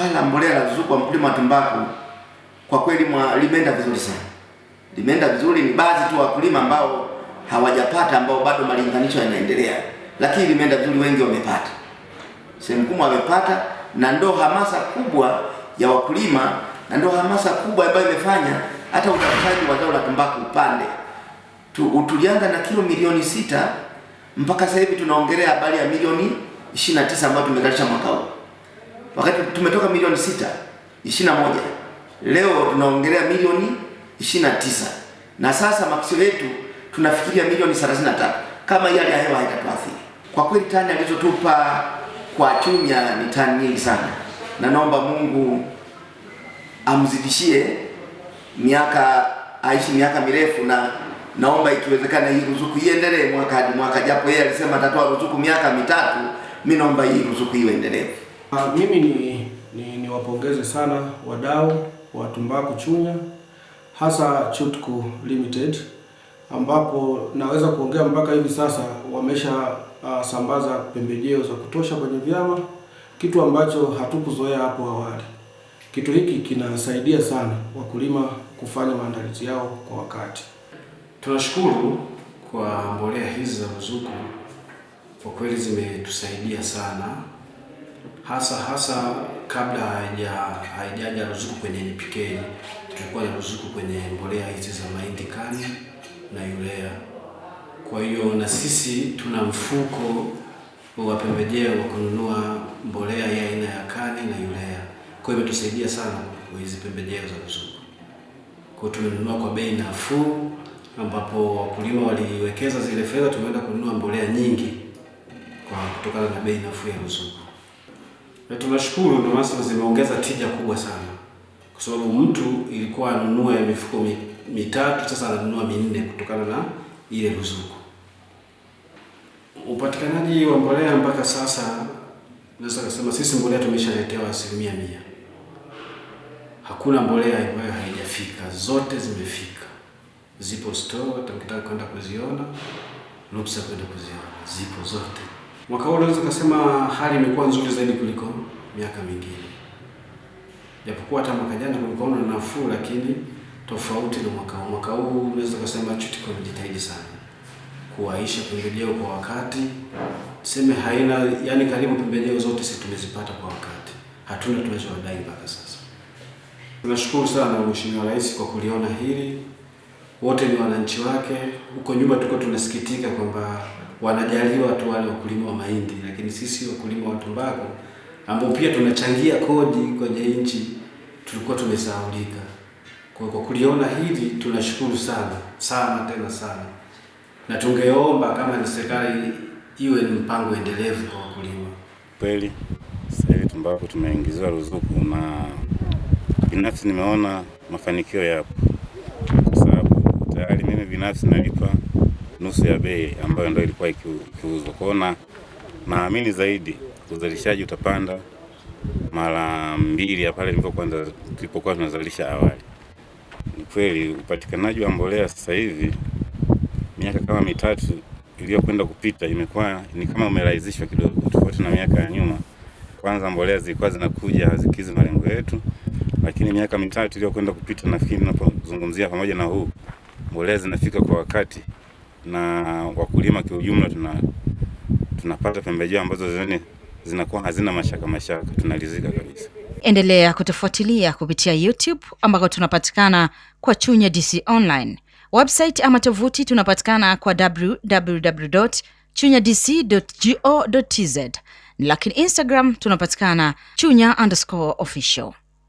swala la mbolea la ruzuku kwa mkulima wa tumbaku kwa kweli limeenda vizuri sana, limeenda vizuri. Ni baadhi tu wakulima ambao hawajapata, ambao bado malinganisho yanaendelea, lakini limeenda vizuri, wengi wamepata, sehemu kubwa wamepata, na ndo hamasa kubwa ya wakulima na ndo hamasa kubwa ambayo imefanya hata utafutaji wa zao la tumbaku upande tu, tulianza na kilo milioni sita mpaka sasa hivi tunaongelea habari ya milioni 29 ambayo tumezalisha mwaka huu wakati tumetoka milioni sita ishirini na moja leo tunaongelea milioni ishirini na tisa na sasa makisio yetu tunafikiria milioni tatu kama hii hali ya hewa haitatuathiri. Kwa kweli tani alizotupa kwa Chunya ni tani nyingi sana, na naomba Mungu amzidishie miaka aishi miaka mirefu, na naomba ikiwezekana hii ruzuku iendelee mwaka hadi mwaka, japo yeye alisema atatoa ruzuku miaka mitatu. Mimi naomba hii ruzuku iwe endelevu. Uh, mimi ni, ni, ni wapongeze sana wadau wa tumbaku Chunya hasa Chutku Limited ambapo naweza kuongea mpaka hivi sasa wamesha uh, sambaza pembejeo za kutosha kwenye vyama, kitu ambacho hatukuzoea hapo awali. Kitu hiki kinasaidia sana wakulima kufanya maandalizi yao kwa wakati. Tunashukuru kwa mbolea hizi za ruzuku, kwa kweli zimetusaidia sana hasa hasa kabla haijaja ruzuku kwenye NPK, tulikuwa na ruzuku kwenye mbolea hizi za mahindi kani na urea. Kwa hiyo na sisi tuna mfuko wa pembejeo wa kununua mbolea ya aina ya kani na urea, kwa hiyo imetusaidia sana kwa hizi pembejeo za ruzuku. Kwa hiyo tumenunua kwa bei nafuu, ambapo wakulima waliwekeza zile fedha, tumeenda kununua mbolea nyingi kwa kutokana na bei nafuu ya ruzuku. Na tunashukuru ndio maana zimeongeza tija kubwa sana, kwa sababu mtu ilikuwa anunue mifuko mitatu, sasa ananunua minne kutokana na ile ruzuku. Upatikanaji wa mbolea mpaka sasa, naweza kusema sisi mbolea tumeshaletewa asilimia mia. Hakuna mbolea ambayo haijafika, zote zimefika, zipo store, tunataka kwenda kuziona, ruksa kwenda kuziona, zipo zote. Mwaka huu unaweza kusema hali imekuwa nzuri zaidi kuliko miaka mingine, japokuwa hata mwaka jana kulikuwa na nafuu, lakini tofauti na mwaka huu. Mwaka huu unaweza kusema CHUTICO imejitahidi sana kuwaisha pembejeo kwa wakati, seme haina yani, karibu pembejeo zote sisi tumezipata kwa wakati, hatuna tunachowadai mpaka sasa. Tunashukuru sana Mheshimiwa Rais kwa kuliona hili wote ni wananchi wake. Huko nyuma tuko tunasikitika kwamba wanajaliwa tu wale wakulima wa mahindi, lakini sisi wakulima wa tumbaku ambao pia tunachangia kodi kwenye nchi tulikuwa tumesahaulika. Kwa kwa kuliona hili tunashukuru sana sana tena sana, na tungeomba kama ni serikali iwe ni mpango endelevu kwa wakulima. Kweli sasa hivi tumbaku tumeingiziwa ruzuku, na binafsi nimeona mafanikio yapo tayari mimi binafsi nalipa nusu ya bei ambayo ndio ilikuwa ikiuzwa. Kwa hiyo naamini zaidi uzalishaji utapanda mara mbili ya pale tulipokuwa tunazalisha awali. Ni kweli upatikanaji wa mbolea sasa hivi miaka kama mitatu iliyokwenda kupita imekuwa ni kama umerahisishwa kidogo, tofauti na miaka ya nyuma. Kwanza mbolea zilikuwa zinakuja hazikizi malengo yetu, lakini miaka mitatu iliyokwenda kupita, nafikiri napozungumzia pamoja na huu mbolea zinafika kwa wakati na wakulima kiujumla tuna tunapata pembejeo ambazo zeni zinakuwa hazina mashaka mashaka, tunalizika kabisa. Endelea kutufuatilia kupitia YouTube ambako tunapatikana kwa Chunya DC Online website ama tovuti, tunapatikana kwa www chunya dc go tz, lakini Instagram tunapatikana chunya underscore official.